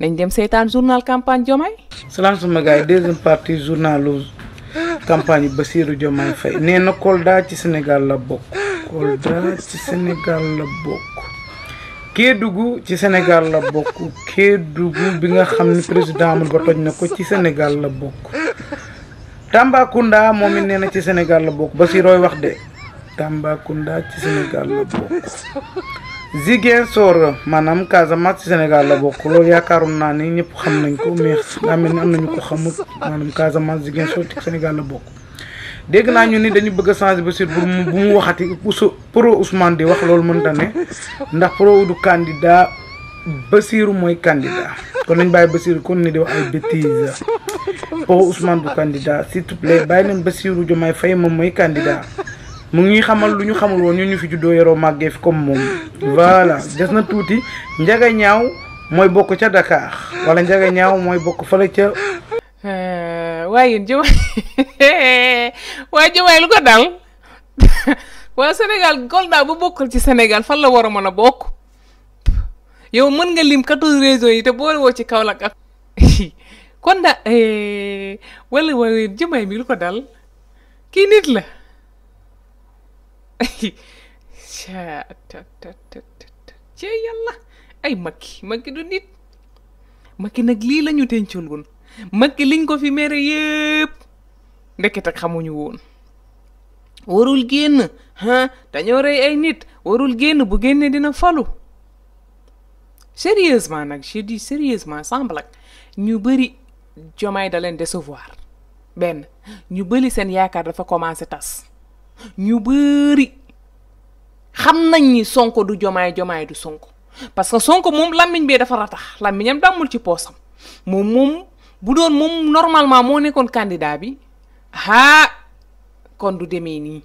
nañ dem seetaan journal campagne Diomaye. salaam sama gars yi deuxième partie journalu campagne Bassirou Diomaye Faye nee na Kolda ci Sénégal la bokk. Kolda ci Sénégal la bokk. Kédougou ci Sénégal la bokk Kédougou bi nga xam ni président amul ba toj na ko ci Sénégal la bokk Tambacounda moom it nee na ci Sénégal la bokk ba si wax de. kunda ci senegal la sor manam kaza ma ci senegal la bok lo yaakaaroon naa ni ñep xam nañ ko mais daa mel ni am nañu ko xamut maanaam zigen sor ci senegal la bok deg na ñu ni dañu bëgg bu mu bu mu waxati pro Ousmane di wax mën ta ne ndax pro du candidat Bassirou moy candidat kon lañ bay Bassirou kon ni di wax ay bêtise pro Ousmane du candidat s'il te plaît bàyyi leen Bassirou jomay fay mom moy candidat. mu ngi xamal lu ñu xamul woon ñu fi juddoo yoroo màggee fi comme moom voilà des na tuuti njaga ñaaw mooy bokk ca Dakar wala njaga ñaaw mooy bokk fële ca. Eh, waaye yéen jëmm waaye jëmm lu ko bu bokkul ci Sénégal fan la war a mën a bokk yow mën nga lim quatorze régions yi te woo ci Kaolack ak. kon da eh, wala lu ko dal kii nit la. ci yàlla ay Macky Macky du nit makki nag lii lañu ñu dencoon woon Macky liñ ko fi mere yëpp ndeket ak xamuñu woon warul génn ah dañoo rey ay nit warul génn bu génne dina falu sérieusement nag je dis sérieusement sans ñu bëri jomaay da leen décevoir benn ñu bëri seen yaakaar dafa commencé tas ñu bëri xam nañ ni sonko du jomaay jomaay du sonk parce que sonko moom làmmiñ bee dafa ratax làmmiñam dàmmul ci poosam moom moom bu doon moom normalement moo nekkoon candidat bi haa kon du demee nii.